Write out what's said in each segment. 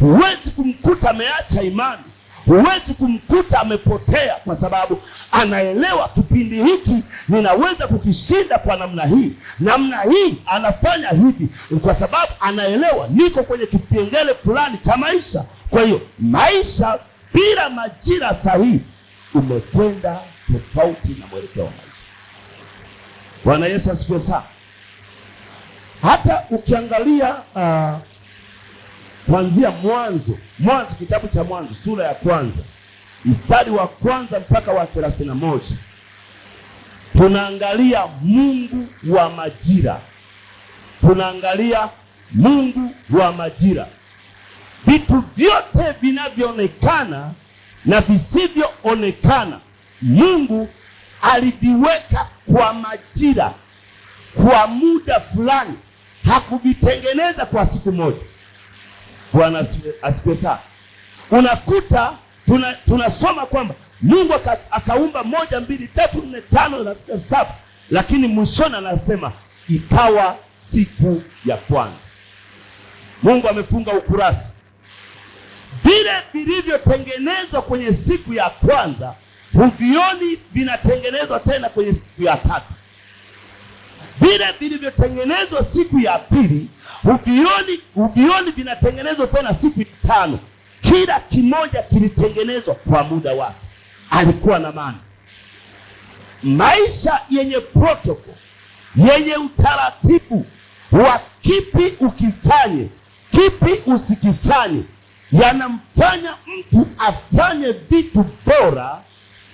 Huwezi kumkuta ameacha imani, huwezi kumkuta amepotea, kwa sababu anaelewa kipindi hiki ninaweza kukishinda kwa namna hii, namna hii anafanya hivi, kwa sababu anaelewa niko kwenye kipengele fulani cha maisha. Kwa hiyo maisha bila majira sahihi umekwenda tofauti na mwelekeo wa maisha. Bwana Yesu asifiwe sana. Hata ukiangalia uh, kuanzia mwanzo mwanzo kitabu cha mwanzo sura ya kwanza mstari wa kwanza mpaka wa thelathini na moja tunaangalia Mungu wa majira tunaangalia Mungu wa majira vitu vyote vinavyoonekana na visivyoonekana Mungu aliviweka kwa majira kwa muda fulani hakuvitengeneza kwa siku moja Bwana asipe sana. Unakuta tunasoma tuna kwamba Mungu akaumba moja, mbili, tatu, nne, tano na sita, saba, lakini mwishoni anasema ikawa siku ya kwanza. Mungu amefunga ukurasa. Vile vilivyotengenezwa kwenye siku ya kwanza, huvioni vinatengenezwa tena kwenye siku ya tatu vile vilivyotengenezwa siku ya pili ukioni ukioni vinatengenezwa tena siku ya tano. Kila kimoja kilitengenezwa kwa muda wake. Alikuwa na maana maisha yenye protokol yenye utaratibu wa kipi ukifanye, kipi usikifanye, yanamfanya mtu afanye vitu bora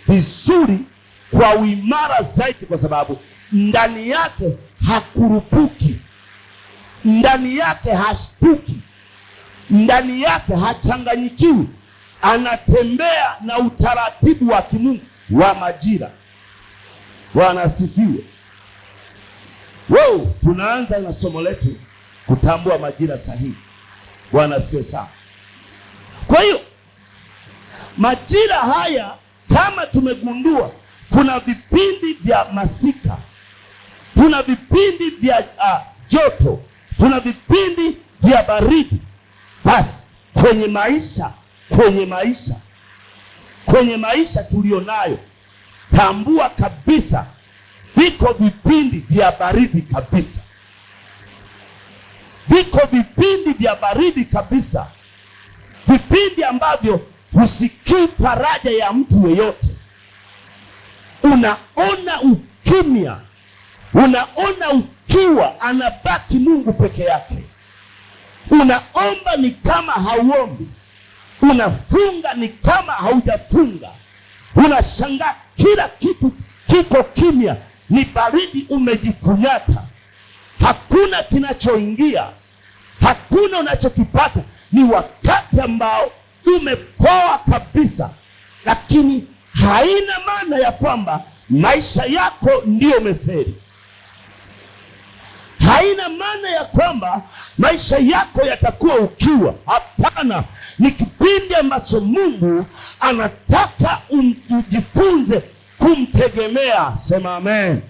vizuri kwa uimara zaidi, kwa sababu ndani yake hakurupuki, ndani yake hashtuki, ndani yake hachanganyikiwi, anatembea na utaratibu wa kimungu wa majira. Bwana asifiwe. Wow, tunaanza na somo letu kutambua majira sahihi. Bwana asifiwe sana. Kwa hiyo majira haya kama tumegundua, kuna vipindi vya masika Tuna vipindi vya uh, joto, tuna vipindi vya baridi. Basi kwenye maisha, kwenye maisha, kwenye maisha tulionayo tambua kabisa viko vipindi vya baridi kabisa, viko vipindi vya baridi kabisa, vipindi ambavyo husikii faraja ya mtu yeyote, unaona ukimya Unaona ukiwa anabaki Mungu peke yake. Unaomba ni kama hauombi, unafunga ni kama haujafunga, unashangaa kila kitu kiko kimya, ni baridi, umejikunyata, hakuna kinachoingia, hakuna unachokipata. Ni wakati ambao umepoa kabisa, lakini haina maana ya kwamba maisha yako ndiyo meferi haina maana ya kwamba maisha yako yatakuwa ukiwa. Hapana, ni kipindi ambacho Mungu anataka ujifunze kumtegemea. Sema amen.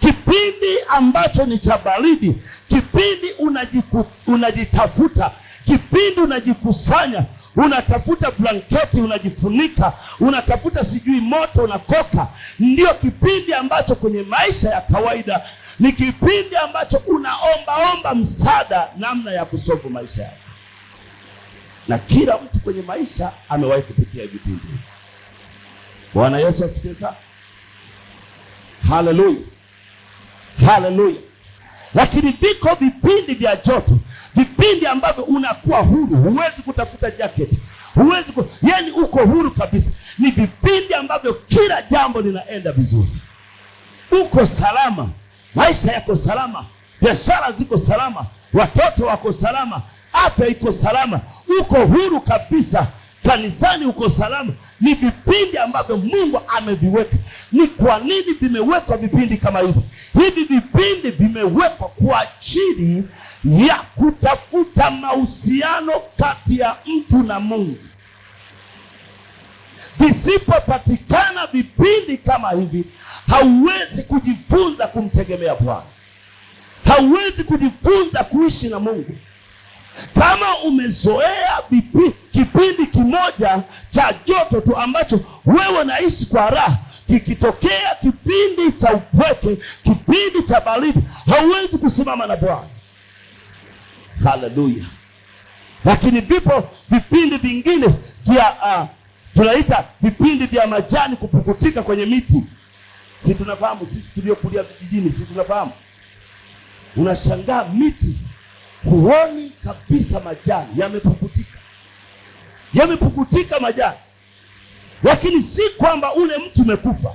Kipindi ambacho ni cha baridi, kipindi unajiku, unajitafuta, kipindi unajikusanya, unatafuta blanketi unajifunika, unatafuta sijui moto unakoka, ndiyo kipindi ambacho kwenye maisha ya kawaida ni kipindi ambacho unaombaomba msaada namna ya kusovu maisha yako, na kila mtu kwenye maisha amewahi kupitia vipindi. Bwana Yesu asifiwe sana. Haleluya, haleluya. Lakini viko vipindi vya joto, vipindi ambavyo unakuwa huru, huwezi kutafuta jaketi, huwezi ku... yani uko huru kabisa. Ni vipindi ambavyo kila jambo linaenda vizuri, uko salama maisha yako salama, biashara ziko salama, watoto wako salama, afya iko salama, uko huru kabisa, kanisani uko salama. Ni vipindi ambavyo Mungu ameviweka. Ni kwa nini vimewekwa vipindi kama hivi? Hivi vipindi vimewekwa kwa ajili ya kutafuta mahusiano kati ya mtu na Mungu. Visipopatikana vipindi kama hivi hauwezi kujifunza kumtegemea Bwana, hauwezi kujifunza kuishi na Mungu kama umezoea bibi, kipindi kimoja cha joto tu ambacho wewe naishi kwa raha kikitokea kipindi cha upweke, kipindi cha baridi, hauwezi kusimama na Bwana. Haleluya! Lakini vipo vipindi vingine vya uh, tunaita vipindi vya majani kupukutika kwenye miti si tunafahamu sisi tuliokulia vijijini, si tunafahamu. Unashangaa miti huoni kabisa, majani yamepukutika, yamepukutika majani, lakini si kwamba ule mti umekufa.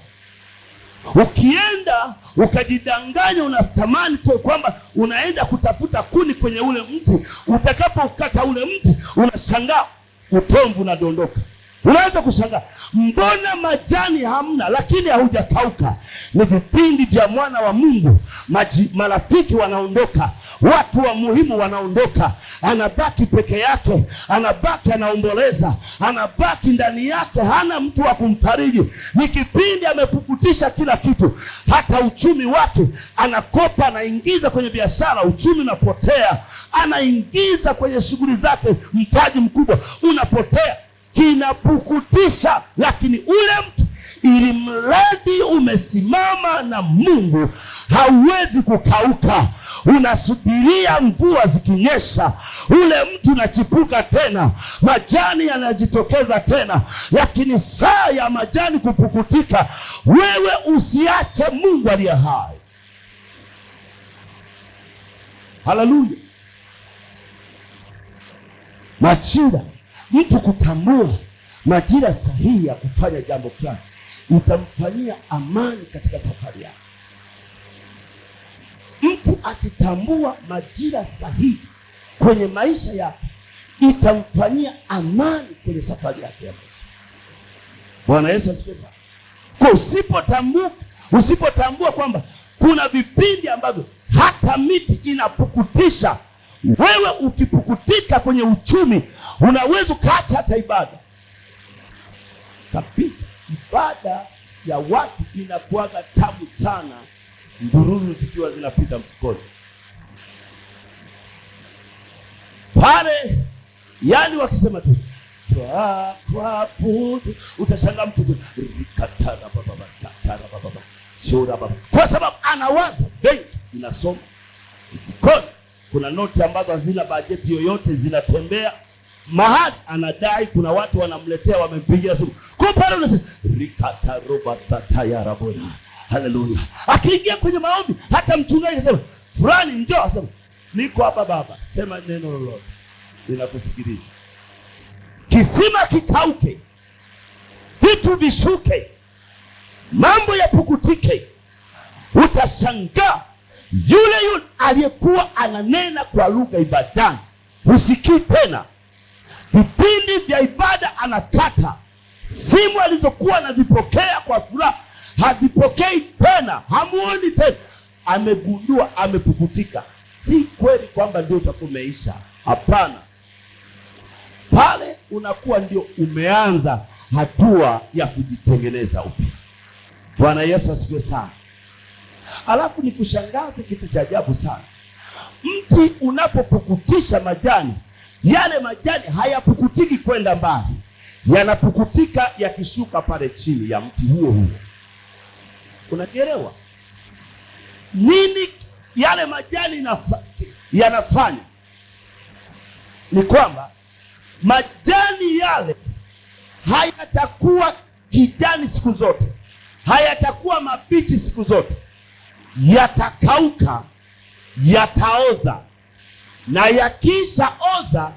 Ukienda ukajidanganya, unatamani tu kwamba unaenda kutafuta kuni kwenye ule mti, utakapokata ule mti unashangaa utomvu unadondoka. Unaweza kushangaa mbona majani hamna, lakini haujakauka. Ni vipindi vya mwana wa Mungu. Maji, marafiki wanaondoka, watu wa muhimu wanaondoka, anabaki peke yake, anabaki anaomboleza, anabaki ndani yake, hana mtu wa kumfariji. Ni kipindi amepukutisha kila kitu, hata uchumi wake. Anakopa, anaingiza kwenye biashara, uchumi unapotea, anaingiza kwenye shughuli zake, mtaji mkubwa unapotea kinapukutisha, lakini ule mtu ili mradi umesimama na Mungu hauwezi kukauka. Unasubiria mvua zikinyesha, ule mtu unachipuka tena, majani yanajitokeza tena, lakini saa ya majani kupukutika, wewe usiache Mungu aliye hai. Haleluya! Machida mtu kutambua majira sahihi ya kufanya jambo fulani, utamfanyia amani katika safari yake. Mtu akitambua majira sahihi kwenye maisha yake, itamfanyia amani kwenye safari yake ya maisha. Bwana Yesu asifiwe sana. Kwa usipotambua, usipotambua kwamba kuna vipindi ambavyo hata miti inapukutisha, wewe ukipukutisha kwenye uchumi, unaweza ukaacha hata ibada kabisa. Ibada ya watu inakuwaga tamu sana, ndururu zikiwa zinapita mfukoni pale, yani wakisema tu twakwaputu utashanga mtu rikatara bababa satara bababa shura baba, kwa sababu anawaza benki inasoma ikikoni kuna noti ambazo hazina bajeti yoyote zinatembea mahali anadai, kuna watu wanamletea, wamempigia simu kwa pale, unasema rikata roba sataya rabona, haleluya. Akiingia kwenye maombi, hata mchungaji anasema fulani, njoo, asema niko hapa baba, sema neno lolote, ninakusikiliza. Kisima kikauke, vitu vishuke, mambo yapukutike, utashangaa yule yule aliyekuwa ananena kwa lugha ibadani, husikii tena. Vipindi vya ibada anakata simu, alizokuwa anazipokea kwa furaha hazipokei tena, hamuoni tena. Amegundua, amepukutika. Si kweli kwamba ndio utakuwa umeisha. Hapana, pale unakuwa ndio umeanza hatua ya kujitengeneza upya. Bwana Yesu asifiwe sana. Alafu nikushangaze kitu cha ajabu sana, mti unapopukutisha majani, yale majani hayapukutiki kwenda mbali, yanapukutika yakishuka pale chini ya mti huo huo. Unakielewa nini yale majani yanafanya? Ni kwamba majani yale hayatakuwa kijani siku zote, hayatakuwa mabichi siku zote yatakauka, yataoza, na yakisha oza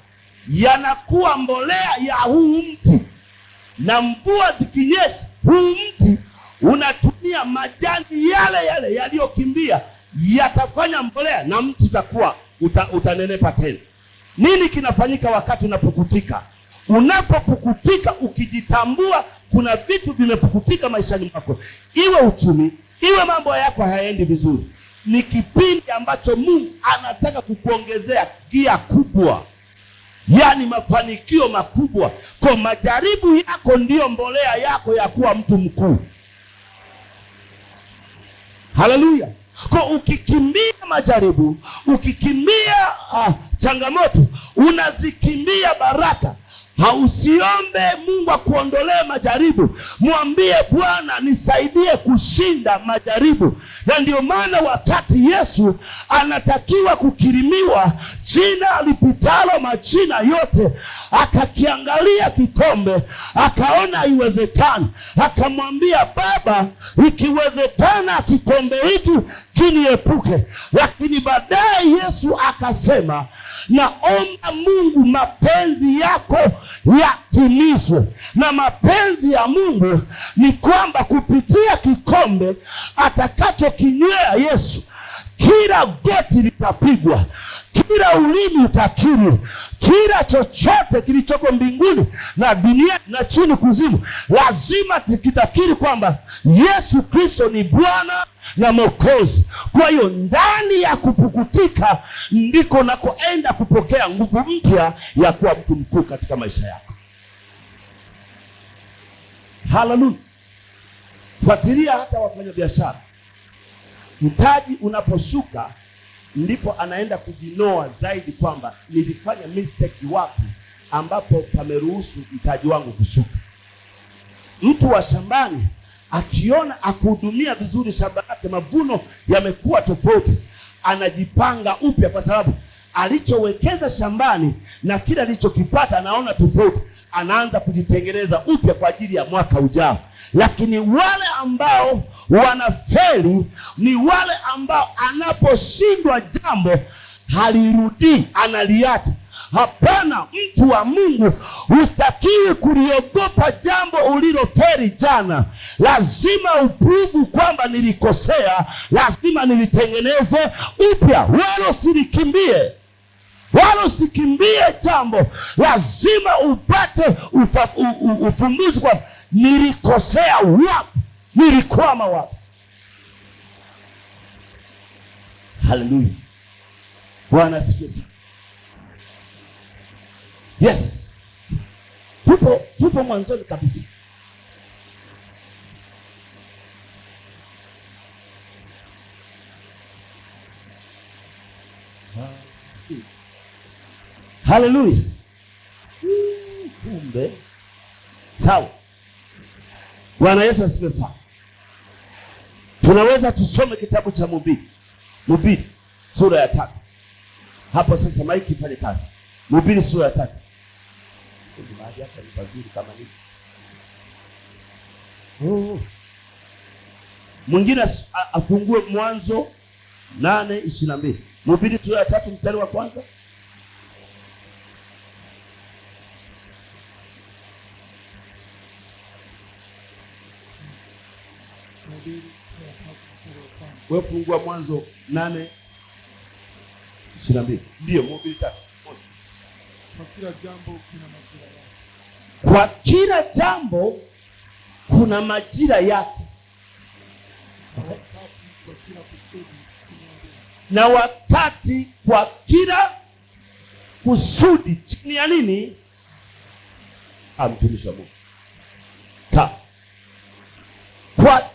yanakuwa mbolea ya huu mti, na mvua zikinyesha, huu mti unatumia majani yale yale yaliyokimbia, yatafanya mbolea na mti utakuwa uta, utanenepa tena. Nini kinafanyika wakati unapukutika? Unapopukutika ukijitambua, kuna vitu vimepukutika maishani mwako, iwe uchumi Iwe mambo yako hayaendi vizuri, ni kipindi ambacho Mungu anataka kukuongezea gia kubwa, yaani mafanikio makubwa. Kwa majaribu yako ndiyo mbolea yako ya kuwa mtu mkuu. Haleluya! Kwa ukikimbia majaribu, ukikimbia ah, changamoto, unazikimbia baraka. Hausiombe Mungu akuondolee majaribu, mwambie Bwana, nisaidie kushinda majaribu. Na ndiyo maana wakati Yesu anatakiwa kukirimiwa jina lipitalo majina yote, akakiangalia kikombe, akaona haiwezekani, akamwambia Baba, ikiwezekana kikombe hiki kiniepuke. Lakini baadaye Yesu akasema Naomba Mungu mapenzi yako yatimizwe, na mapenzi ya Mungu ni kwamba kupitia kikombe atakachokinywea Yesu kila goti litapigwa, kila ulimi utakiri, kila chochote kilichoko mbinguni na dunia na chini kuzimu lazima kitakiri kwamba Yesu Kristo ni Bwana na Mwokozi. Kwa hiyo ndani ya kupukutika ndiko nakoenda kupokea nguvu mpya ya kuwa mtu mkuu katika maisha yako. Haleluya! Fuatilia hata wafanya biashara, mtaji unaposhuka ndipo anaenda kujinoa zaidi kwamba nilifanya mistake wapi ambapo pameruhusu mtaji wangu kushuka. Mtu wa shambani akiona akuhudumia vizuri shamba lake, mavuno yamekuwa tofauti, anajipanga upya kwa sababu alichowekeza shambani na kile alichokipata anaona tofauti, anaanza kujitengeneza upya kwa ajili ya mwaka ujao. Lakini wale ambao wanafeli ni wale ambao anaposhindwa jambo halirudii, analiacha. Hapana, mtu wa Mungu, hustakiwi kuliogopa jambo uliloferi jana. Lazima upugu kwamba nilikosea, lazima nilitengeneze upya, wala usilikimbie wala usikimbie jambo. Lazima upate ufumbuzi kwa nilikosea wapi, nilikwama wapi. Haleluya, Bwana asifiwe sana. Yes, tupo tupo mwanzoni kabisa. Ah, hmm. Haleluya. Kumbe sawa. Bwana Yesu asifiwe sana. Tunaweza tusome kitabu cha Mhubiri, Mhubiri sura ya tatu. Hapo sasa maiki ifanye kazi. Mhubiri sura ya tatu. hapa ni pazuri kama hivi. Oh. Mwingine afungue Mwanzo nane ishirini na mbili. Mhubiri sura ya tatu mstari wa kwanza. Wewe fungua Mwanzo nane ishirini na mbili ndio mbili tatu. Kwa kila jambo kuna majira yake, kwa kila jambo kuna majira yake, na wakati kwa kila kusudi chini ya nini? Amtumisha Mungu kwa